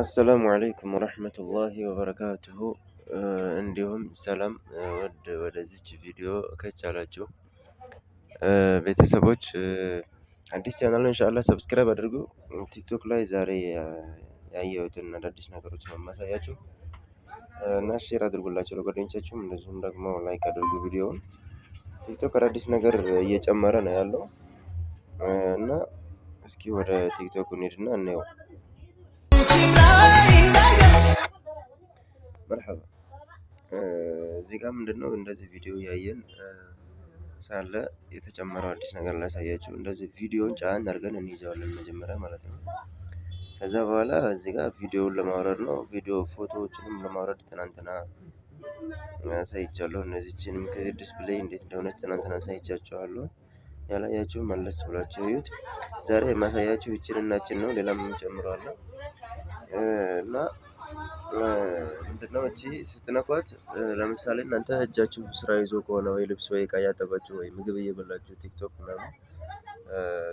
አሰላሙ አለይኩም ወረህመቱላሂ ወበረካቱሁ። እንዲሁም ሰላም ወድ ወደዚች ቪዲዮ ከቻላችሁ ቤተሰቦች አዲስ ቻናል እንሻላ ሰብስክራይብ አድርጉ። ቲክቶክ ላይ ዛሬ ያየሁትን አዳዲስ ነገሮች ነው የማሳያችሁ እና ሼር አድርጉላቸው ለጓደኞቻችሁም፣ እንደዚሁም ደግሞ ላይክ አድርጉ ቪዲዮውን። ቲክቶክ አዳዲስ ነገር እየጨመረ ነው ያለው እና እስኪ ወደ ቲክቶክ እንሂድና እንየው። መርሐባ እዚህ ጋር ምንድን ነው እንደዚህ ቪዲዮ እያየን ሳለ የተጨመረው አዲስ ነገር ላሳያችሁ። እንደዚህ ቪዲዮን ጫን አድርገን እንይዘዋለን መጀመሪያ ማለት ነው። ከዛ በኋላ እዚህ ጋር ቪዲዮውን ለማውረድ ነው። ቪዲዮ ፎቶዎችንም ለማውረድ ትናንትና አሳይቻለሁ። እነዚህችንም ከዲስፕሌይ እንዴት እንደሆነች ትናንትና አሳይቻችኋለሁ። ያላያችሁ መለስ ብላችሁ እዩት። ዛሬ የማሳያችሁ ይችልናችን ነው። ሌላም ጨምረዋለሁ እና ምንድነው እቺ ስትነኳት፣ ለምሳሌ እናንተ እጃችሁ ስራ ይዞ ከሆነ ወይ ልብስ ወይ እቃ እያጠባችሁ ወይ ምግብ እየበላችሁ ቲክቶክ ምናምን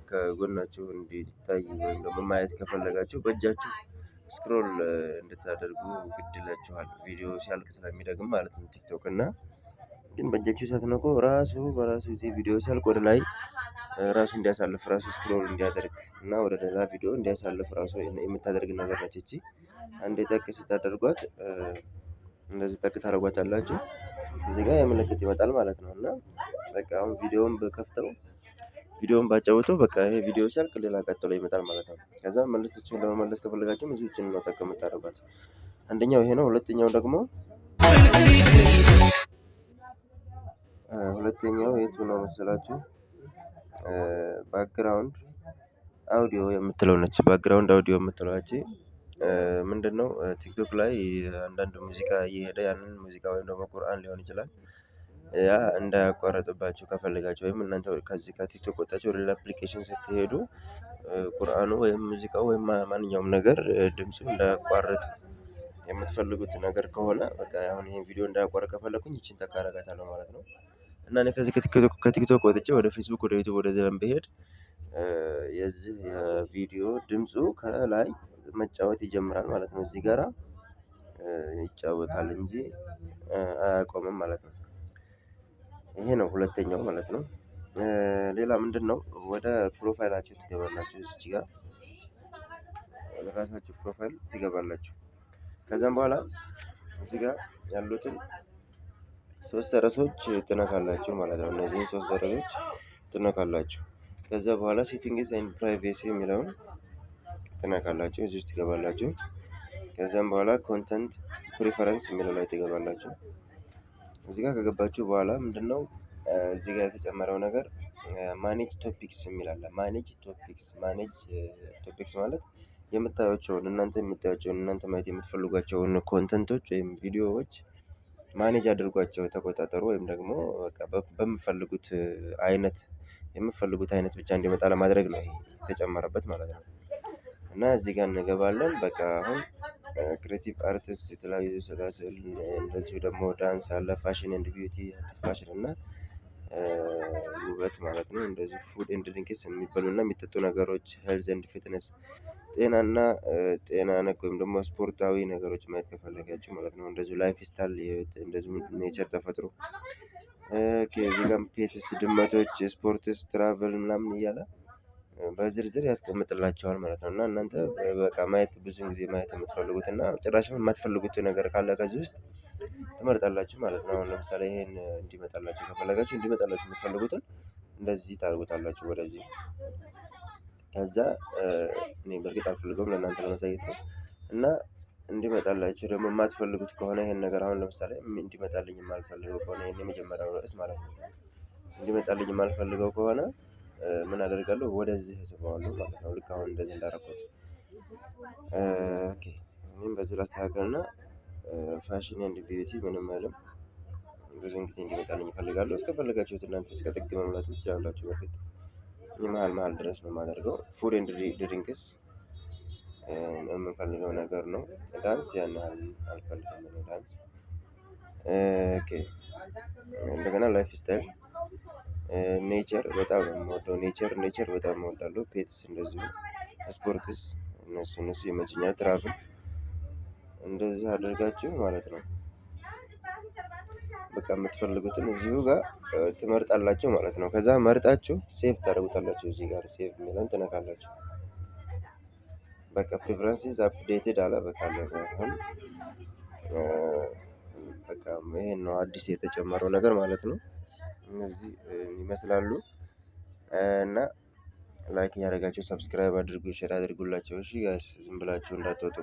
ከጎናችሁ እንዲታይ ወይም ደግሞ ማየት ከፈለጋችሁ በእጃችሁ ስክሮል እንድታደርጉ ግድላችኋል። ቪዲዮ ሲያልቅ ስለሚደግም ማለት ነው ቲክቶክ እና ግን በእጃቸው ሲያስነኩ ራሱ በራሱ ጊዜ ቪዲዮ ሲያልቅ ወደ ላይ ራሱ እንዲያሳልፍ ራሱ ስክሮል እንዲያደርግ እና ወደ ሌላ ቪዲዮ እንዲያሳልፍ ራሱ የምታደርግ ነገር ነች እቺ። አንድ ጠቅ ስታደርጓት እንደዚህ ጠቅ ታደርጓት አላችሁ እዚህ ጋር የምልክት ይመጣል ማለት ነው። እና በቃ አሁን ቪዲዮውን በከፍተው ቪዲዮውን ባጫውተው በቃ ይሄ ቪዲዮ ሲያልቅ ሌላ ቀጥሎ ይመጣል ማለት ነው። ከዛ መለሰችን ለመመለስ ከፈለጋችሁም እዚችን ነው ጠቅ የምታደርጓት። አንደኛው ይሄ ነው። ሁለተኛው ደግሞ ሁለተኛው የቱ ነው መሰላችሁ? ባክግራውንድ አውዲዮ የምትለው ነች። ባክግራውንድ አውዲዮ የምትለው ምንድን ምንድነው? ቲክቶክ ላይ አንዳንድ ሙዚቃ እየሄደ ያንን ሙዚቃ ወይም ደግሞ ቁርአን ሊሆን ይችላል ያ እንዳያቋረጥባችሁ ከፈለጋችሁ ወይም እናንተ ከዚህ ከቲክቶክ ወጣችሁ ወደ ሌላ አፕሊኬሽን ስትሄዱ ቁርአኑ ወይም ሙዚቃው ወይም ማንኛውም ነገር ድምፁ እንዳያቋርጥ የምትፈልጉት ነገር ከሆነ በቃ አሁን ይህን ቪዲዮ እንዳያቋርጥ ከፈለኩኝ ይችን ተካረጋታለሁ ማለት ነው። እና እኔ ከዚህ ከቲክቶክ ወጥቼ ወደ ፌስቡክ ወደ ዩቱብ ወደ ዘለን ብሄድ የዚህ የቪዲዮ ድምፁ ከላይ መጫወት ይጀምራል ማለት ነው። እዚህ ጋራ ይጫወታል እንጂ አያቆምም ማለት ነው። ይሄ ነው ሁለተኛው ማለት ነው። ሌላ ምንድን ነው? ወደ ፕሮፋይላችሁ ትገባላችሁ። እዚች ጋር ራሳችሁ ፕሮፋይል ትገባላችሁ። ከዚም በኋላ እዚህ ጋር ያሉትን ሶስት ተረሶች ትነካላችሁ ማለት ነው። እነዚህን ሶስት ተረሶች ትነካላችሁ። ከዛ በኋላ ሴቲንግስ ኤንድ ፕራይቬሲ የሚለውን ትነካላችሁ። እዚህ ውስጥ ትገባላችሁ። ከዚያም በኋላ ኮንተንት ፕሪፈረንስ የሚለው ላይ ትገባላችሁ። እዚህ ጋር ከገባችሁ በኋላ ምንድነው እዚህ ጋር የተጨመረው ነገር ማኔጅ ቶፒክስ የሚላለ ማኔጅ ቶፒክስ ማኔጅ ቶፒክስ ማለት የምታዩቸውን እናንተ የምታዩቸውን እናንተ ማየት የምትፈልጓቸውን ኮንተንቶች ወይም ቪዲዮዎች ማኔጅ አድርጓቸው ተቆጣጠሩ ወይም ደግሞ በምፈልጉት አይነት የምፈልጉት አይነት ብቻ እንዲመጣ ለማድረግ ነው የተጨመረበት ማለት ነው። እና እዚህ ጋር እንገባለን። በቃ አሁን ክሬቲቭ አርቲስት የተለያዩ ስራ ስዕል እንደዚሁ ደግሞ ዳንስ አለ፣ ፋሽን ኤንድ ቢዩቲ ፋሽን እና ውበት ማለት ነው። እንደዚህ ፉድ ኤንድ ድሪንክስ የሚበሉና የሚጠጡ ነገሮች ሄልዝ ኤንድ ፊትነስ ጤናና ጤና ነክ ወይም ደግሞ ስፖርታዊ ነገሮች ማየት ከፈለጋችሁ ማለት ነው። እንደዚሁ ላይፍ ስታይል እንደዚሁ ኔቸር ተፈጥሮ ከዚህ ጋር ፔትስ ድመቶች ስፖርትስ ትራቨል ምናምን እያለ በዝርዝር ያስቀምጥላቸዋል ማለት ነው። እና እናንተ በቃ ማየት ብዙን ጊዜ ማየት የምትፈልጉት እና ጭራሽ የማትፈልጉት ነገር ካለ ከዚህ ውስጥ ትመርጣላችሁ ማለት ነው። አሁን ለምሳሌ ይሄን እንዲመጣላችሁ ከፈለጋችሁ እንዲመጣላችሁ የምትፈልጉትን እንደዚህ ታደርጉታላችሁ ወደዚህ። ከዛ እኔ በእርግጥ አልፈልገውም ለእናንተ ለመሳየት ነው እና እንዲመጣላችሁ ደግሞ የማትፈልጉት ከሆነ ይሄን ነገር አሁን ለምሳሌ እንዲመጣልኝ የማልፈልገው ከሆነ ይሄን የመጀመሪያው ርዕስ ማለት ነው እንዲመጣልኝ የማልፈልገው ከሆነ ምን አደርጋለሁ ወደዚህ ስበዋለሁ ማለት ነው። ልክ አሁን እንደዚህ እንዳረኩት ኦኬ። እኔም በዚሁ ላስተካክልና ፋሽን ኤንድ ቢዩቲ ምንም አለም ብዙን ጊዜ እንዲመጣልኝ እፈልጋለሁ። እስከፈለጋችሁት እናንተ እስከ ጥግ መምላት ትችላላችሁ። በፊት መሀል መሀል ድረስ በማደርገው ፉድ ኤንድ ድሪንክስ የምንፈልገው ነገር ነው። ዳንስ ያን ያህል አልፈልግም ዳንስ። እንደገና ላይፍ ስታይል ኔቸር በጣም የምወደው ኔቸር ኔቸር በጣም እወዳለሁ። ፔትስ እንደዚሁ ስፖርትስ እነሱ እነሱ ይመቹኛል። ትራቭል እንደዚህ አድርጋችሁ ማለት ነው በቃ የምትፈልጉትን እዚሁ ጋር ትመርጣላችሁ ማለት ነው። ከዛ መርጣችሁ ሴቭ ታደርጉታላችሁ። እዚህ ጋር ሴቭ የሚለውን ትነካላችሁ። በቃ ፕሪፈረንስ አፕዴትድ አለ በቃ አሁን በቃ ይሄን ነው አዲስ የተጨመረው ነገር ማለት ነው። እነዚህ ይመስላሉ እና ላይክ እያደረጋችሁ ሰብስክራይብ አድርጉ፣ ሼር አድርጉላቸው። እሺ ጋይስ ዝም ብላችሁ እንዳትወጡ።